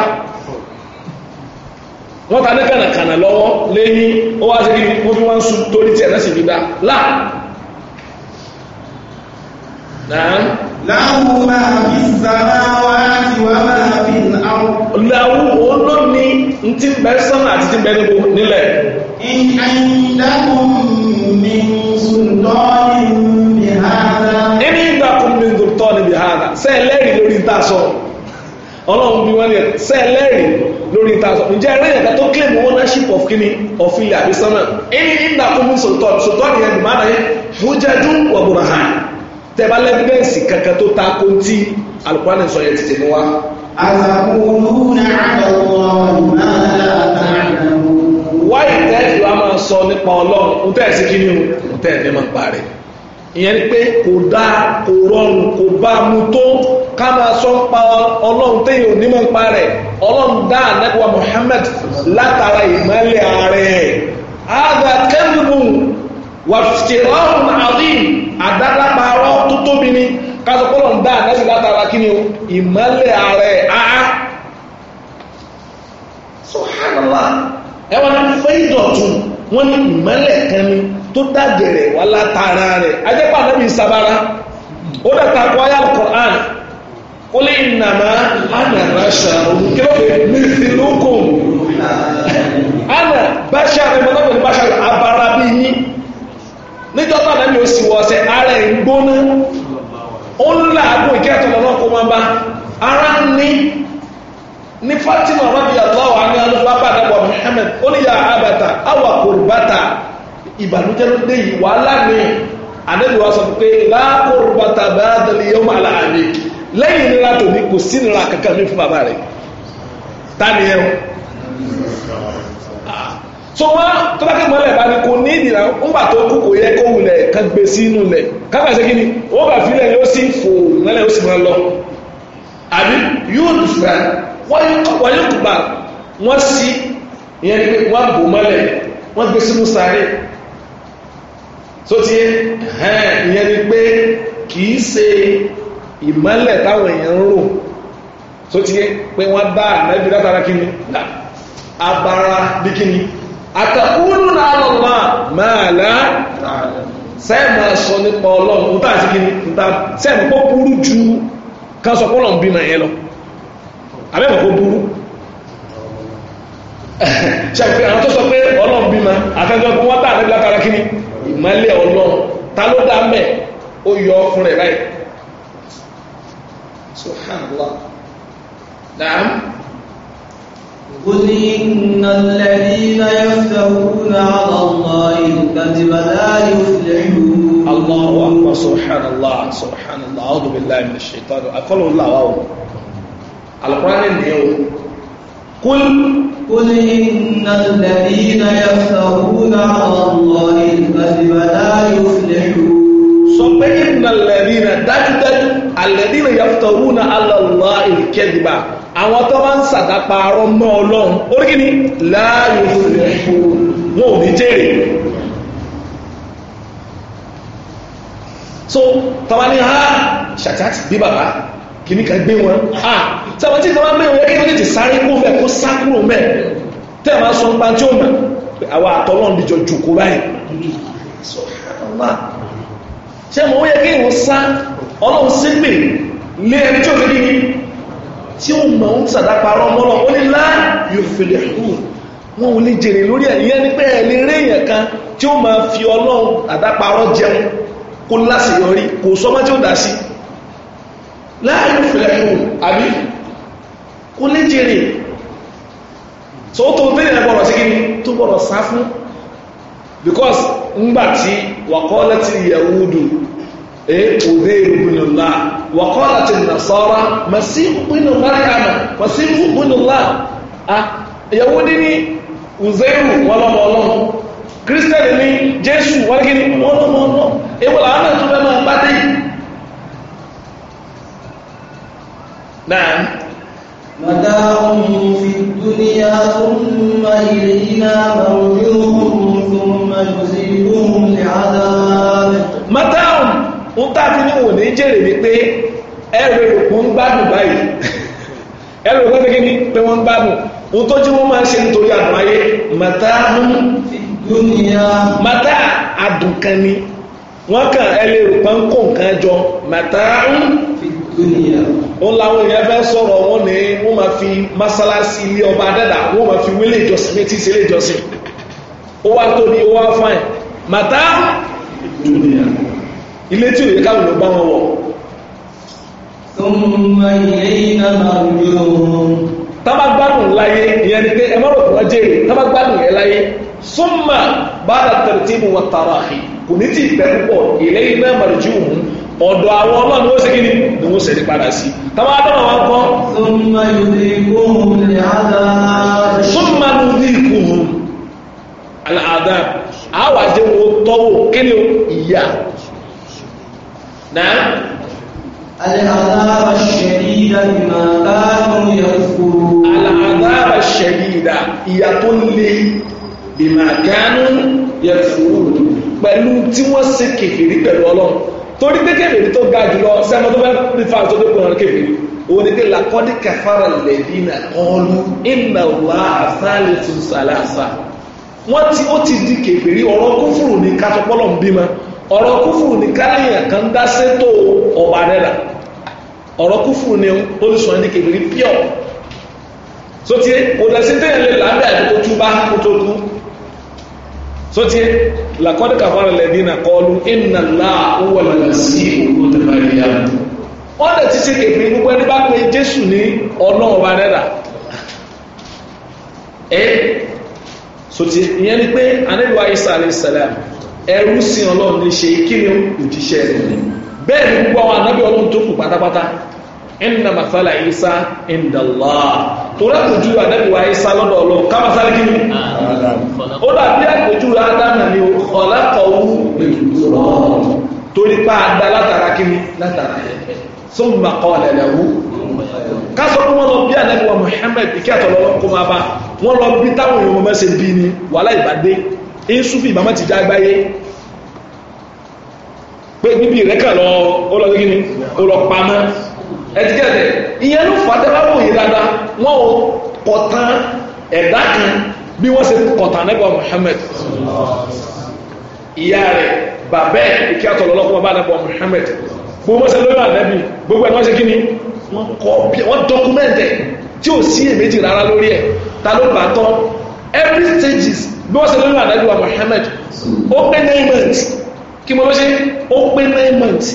wọ́n ta ní kànàkànà lọ́wọ́ lẹ́yìn ó wá sí kí wọ́n fi wọ́n sùn torí tiẹ̀ náà sì fi dá là. láwù máa fi sàmà ẹni ìdàpọ̀ ọlọ́run níbi hàdà sẹ́ẹ̀ lẹ́rìí lórí ìta sọ ọlọ́run bí wọ́n ní sẹ́ẹ̀ lẹ́rìí lórí ìta sọ ǹjẹ́ ẹ̀rẹ́ yẹn tó claim ownership of kíni of ilẹ̀ àbí sánmà ẹni ìdá kó mú sòtọ́ sòtọ́ nìyẹn dùmá náà yẹn fújẹ́jú wọ̀gbọ̀n hàn tẹ́bá lẹ́fídẹ́ǹsì kankan tó ta kó tí alùpùpù sọ yẹn tètè mú wa. àtàkùnrin àbẹ̀wò ọ̀rùn náà ìyẹn ni pé kò dáa kò rọrùn kò bá a mú tó ká máa sọ ń pa ọlọ́run téèyàn onímọ̀ ń pa rẹ̀ ọlọ́run dá ànágbà Muhammad látara ìmọ̀lẹ̀ ààrẹ ẹ̀ àgbà kẹ́mùbù wàfìtìrọ́rùn àdín àdálápàárọ̀ tó tóbi ni ká sọ pé ọlọ́run dá ànágbà látara kí ni ìmọ̀lẹ̀ ààrẹ àá Subhanallah ẹ̀wọ̀n fẹ́ ìdọ̀tún. wọ́n ní ìmọ́lẹ̀ kan ni tó dàgẹ̀rẹ̀ wá látara rẹ̀ ajẹ́pà náà bí sabara ó dàtà kó ayé alukur'an ó lè nàmá ana rasha kí ló báṣà rẹ̀ pẹ̀lú báṣà abara bí yín níjọ́ tó sì ọ̀sẹ̀ ara ẹ̀ ń gbóná ó ń ara ń ní Fatima radiyallahu anha alùpàpà nàbọ̀ Muhammad ó ní ya abata awa kurbata ìbànújẹ́ ló dé yìí wàhálà ni ànábì wa sọ pé la kurbata ba'da al-yawm ala abik lẹ́yìn ìnira tòní kò sí ìnira kankan ní fún bàbá rẹ̀ tani ẹ̀ ah. so wọn tọ́lákì mọ́lẹ̀ bá ní kò ní ìdìrà ńgbà tó kú kò yẹ kó wulẹ̀ ká gbé sí lẹ̀ kápẹ́ ṣe kí ó bá filẹ̀ yóò sì fò mọ́lẹ̀ yóò sì máa lọ àbí yóò dùn fún ẹ wọ́n yóò gbà wọ́n sí ìyẹn ni pé wọ́n bò mọ́lẹ̀ wọ́n gbé sínú sáré tó ti ìyẹn ni pé kìí ṣe ìmọ́lẹ̀ táwọn èèyàn ń rò tó ti pé wọ́n bá ànábì látara kí ni abara bí kí ni àtàkùnrin náà lọ́wọ́ máa láà sẹ́ẹ̀mù sọ nípa ọlọ́run tó tà sí kí ni sẹ́ẹ̀mù pọ́ burú ju ká sọ pọ́lọ̀ ń lọ abẹ́mọ̀ kó burú ṣàpẹ àwọn tó sọ pé ọlọ́run bímọ àfẹ́gbẹ́ fún wọ́n bá àrẹ́bí látara kí ni ìmọ̀lẹ̀ ọlọ́run ta ló dá mẹ́ ó yọ ọkùn rẹ̀ báyìí subhanallah naam قل إن الذين يفترون على الله الكذب لا يفلحون الله أكبر سبحان الله سبحان الله من الشيطان أقول الله أعوذ Al-Qur'an ni o kul kul innal ladina yaftaruna 'ala Allahi al-kadhiba la yuflihun sọ pé innal ladina dájúdájú alladina yaftaruna 'ala Allahi al-kadhiba àwọn tó bá ń sàdápa arọ́ mọ́ ọlọ́run orí kìíní la yuflihun wọn ò ní jèrè so tọ́wá ní ha ṣàtàtì bí bàbá kìíní kan gbé wọn a sábà tí ìjọba mẹ́rin yẹ kí wọ́n tètè sáré kó mẹ́ kó sá kúrò mẹ́ tẹ́ ẹ̀ máa sọ nípa tí ó mọ̀ àwa àtọ́lọ́n dìjọ jòkó báyìí ṣé mo yẹ kí ìwọ̀n sá ọlọ́run sí pè lé ẹni tí ò fi kíni tí ó mọ̀ ń sàdáparọ́ mọ́lọ́ ó ní lá yóò fi lè hù wọn ò lè jèrè lórí ẹ̀yẹ́ ní pé ẹ̀ lè rí èèyàn kan tí ó máa fi ọlọ́run àdáparọ́ jẹun kó láṣeyọrí kò sọ́mọ́ tí ó dá sí láàrin fìlẹ̀hùn àbí kò ní jèrè tó tó bẹ́rẹ̀ gbọ́rọ̀ sí gíní tó gbọ́rọ̀ sá fún because ngbàtí wàkọ́lẹ́tì yahudu eh, òdèrùbùnùlá wàkọ́lẹ́tì nasara masihu bínú mariana masihu bínúlá ah, yahudi ní uzeiru wọn lọ́mọ ọlọ́run kírísítẹ́nì ní jésù wọ́n gíní wọ́n lọ́mọ ọlọ́run èwọ̀lá نعم متاع في الدنيا ثم إلينا مرجعهم ثم نزيلهم لعذاب متاع ń tá ti ní wò ní jèrè ní pé ẹrù èròkún ń gbádùn báyìí ẹrù èròkún pé kí ni pé wọ́n ń gbádùn ń tó jí wọ́n máa ń ṣe nítorí àdùn ayé màtá màtá àdùn kan ni wọ́n kàn ẹlẹ́rù kan kó nǹkan jọ màtá ń fi ó láwọn èèyàn fẹ́ sọ̀rọ̀ wọn ní wọ́n máa fi mọ́sálásí ilé ọba dẹ́dà wọ́n máa fi wílé ìjọsìn ní tí ìṣẹ̀lẹ̀ ìjọsìn ó wá tó ní ó wá fáìn màtá ilé tí òye káwọn ló bá wọn wọ̀. tábà gbádùn láyé ìyẹn ni pé ẹ má rò pé wọ́n jèrè tábà gbádùn yẹn láyé súnmà bá dàtẹ̀rẹ̀ tí mo tààrà kò ní tí ì pẹ́ ilé iná màrìjú òun ọ̀dọ̀ àwọn ọlọ́run ó ṣékí ni ni wọ́n ṣẹ̀rí padà sí tàbí adọ́nà wọn kọ́ súnmọ́ ní ìkóhùn aláàdá àwà jẹ́ wọn tọ́wọ́ kíni ìyà náà aláàdá ṣẹ̀dídà ìmọ̀ káàkùn yẹ fúrú ìyà tó lè bìmọ̀ káàkùn yẹ fúrú pẹ̀lú tí wọ́n ṣe kèfèrí pẹ̀lú ọlọ́run torí pé kèfèrí tó ga jùlọ sẹ́mọ́ tó fẹ́ rí fa tó tó kùnà kèfèrí òun ni pé làkọ́dí kàfàrà lẹ́bí nà kọ́ọ̀lù ìnà wà sálẹ̀ tù sàlàsà wọ́n ti ó ti di kèfèrí ọ̀rọ̀ kúfùrù ní kátọ́pọ́lọ̀ ń bímọ ọ̀rọ̀ kúfùrù ní káléèyàn kan dá sétò ọ̀bà rẹ̀rà ọ̀rọ̀ kúfùrù ní olùsùn ẹni kèfèrí pure so ti kò dẹ̀ sí téèyàn lè lábẹ́ àdúgbò túbá kó tó kú sọ́tí làkọ́dẹ́kà fara lẹ́dínà kọlu iná láàúwà lọ́sí òun tẹ̀lá ìyá wọ́n dẹ̀ ti ṣe kèfì gbogbo ẹni bá pe jésù ní ọlọ́ọ̀bá rẹ̀dà ẹ́ sọ́tí ìyẹn ni pé anábíwá isa alayhisalam ẹrú si ọlọ́run ní ṣe kí ni òjíṣẹ́ rẹ̀ bẹ́ẹ̀ ni gbogbo àwọn anábí ọlọ́run tó kù pátápátá inna masala isa inda allah tora kojú anabi wa isa lọ́dọ̀ Ọlọ́run kama sáré kí ni ó dàbí àpèjú adamu ni o ọlákọ̀wú torí pa adá látara kí ni látara ẹ̀fẹ̀ summa qala lahu kásọ̀ kó wọ́n lọ bí anabi wa muhammed kí àtọ̀lọ́wọ́ kó máa bá wọ́n lọ bí táwọn èèyàn mẹ́sẹ̀ bí ni wàhálà ìbàdé ìsúfì ìbámọ́ ti já agbáyé pé níbi ìrẹ́kà lọ ó lọ sí kí ni ó lọ pamọ́ ẹ̀tìkẹ́tẹ̀ ìyẹn ló fà tẹ́lá wòye dáadáa wọ́n ò kọ̀tàn ẹ̀dá kan bí wọ́n ṣe kọ̀tàn nẹ́bà Muhammad ìyá rẹ̀ bàbẹ́ ìkí àtọ̀lọ́lọ́kọ́ bàbá nẹ́bà Muhammad gbogbo ṣe lórí ànẹ́bì gbogbo ẹ̀ wọ́n ṣe kí ni wọ́n dọ́kúmẹ́ntẹ̀ tí ò sí èméjì rárá lórí ẹ̀ ta ló bá tán every stages bí wọ́n ṣe lórí ànẹ́bì wa Muhammad ó pé nine months kí mo ló ṣe ó pé nine months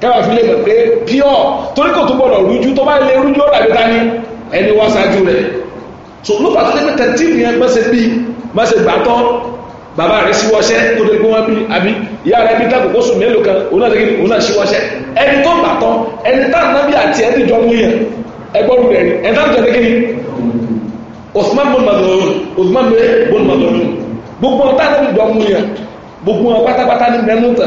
kẹwàá fi lè mọ̀ pé pure torí kò tó gbọ́dọ̀ rújú tó bá lè rújú ọ̀rọ̀ àbíta ní ẹni wá ṣáájú rẹ̀ so ló fà tó lé pé tẹ̀tìmù yẹn bá ṣe bí bá ṣe gbà tọ́ bàbá rẹ̀ síwọ́ṣẹ́ tó lè gbé wọn bí àbí ìyá rẹ̀ bí tákòókò sùn mélòó kan òun náà lẹ́gbẹ̀ẹ́ òun náà síwọ́ṣẹ́ ẹni tó gbà tọ́ ẹni táwọn náà bí àti ẹni jọ mú yẹn ẹgbọ́rú rẹ̀ ni ẹni táwọn jọ lẹ́gbẹ̀ẹ́ Osman bon madon Osman bon madon gbogbo táwọn náà bí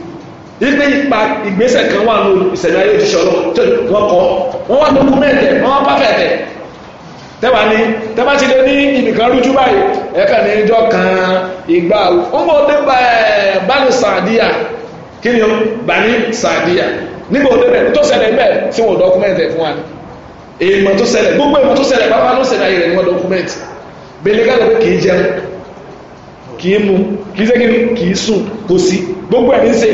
ipe ipa ìgbésẹ̀ kan wà lórí ìṣẹ̀lẹ̀ ayé òṣìṣẹ́ ọlọ́run wọ́n kọ́ wọ́n wá dọ́kúmẹ́ǹtẹ̀ wọ́n wá pàfẹ́tẹ̀ tẹ́wàá ní tẹ́wàá ti lé ní ibìkan rújú báyìí ẹ̀ka ní ìjọ kan ìgbà ọmọ òde bani sàdíà kí ni ó bani sàdíà nígbà òde bẹ̀ tó ṣẹlẹ̀ bẹ́ẹ̀ tí wọ́n dọ́kúmẹ́ǹtẹ̀ fún wa èèmọ̀ tó ṣẹlẹ̀ gbogbo èèmọ̀ tó ṣẹlẹ̀ pápá ló ṣẹlẹ̀ ayé rẹ̀ ni wọ́n dọ́kúmẹ́ǹtì bẹ́ẹ̀ ká lọ pé kì í jẹun kì í mu kì í sẹ́kìrì kì í sùn kò sí gbogbo ẹ̀ ní í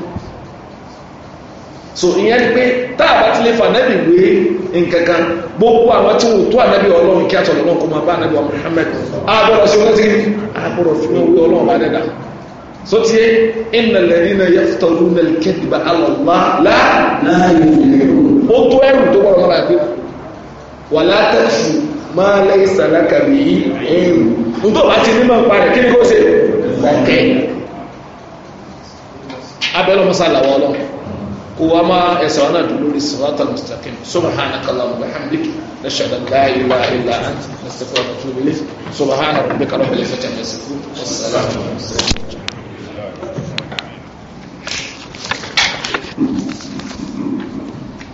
so ìyẹn ni pé tá a bá ti lè fa ànábì wé nkankan gbogbo àwọn tí wò tó ànábì ọlọ́run kí àtọ̀lọ́ náà kó máa bá ànábì wa Muhammad àbọ̀rọ̀ sí wọn ti rí àbọ̀rọ̀ fi wọn wé ọlọ́run bá dẹ́dà so ti yé innal ladhina yaftaruna al-kadhiba ala Allah la ó tó ẹrù tó bọ̀rọ̀ lọ́la gbé wà látẹ̀sù máa lẹ́yìn sàlákà ẹ̀rù nítorí wàá ti وما يسعنا دلول الصراط المستقيم سبحانك اللهم وبحمدك نشهد ان لا اله الا انت نستغفرك ونتوب اليك سبحان ربك رب العزه عما يصفون والسلام عليكم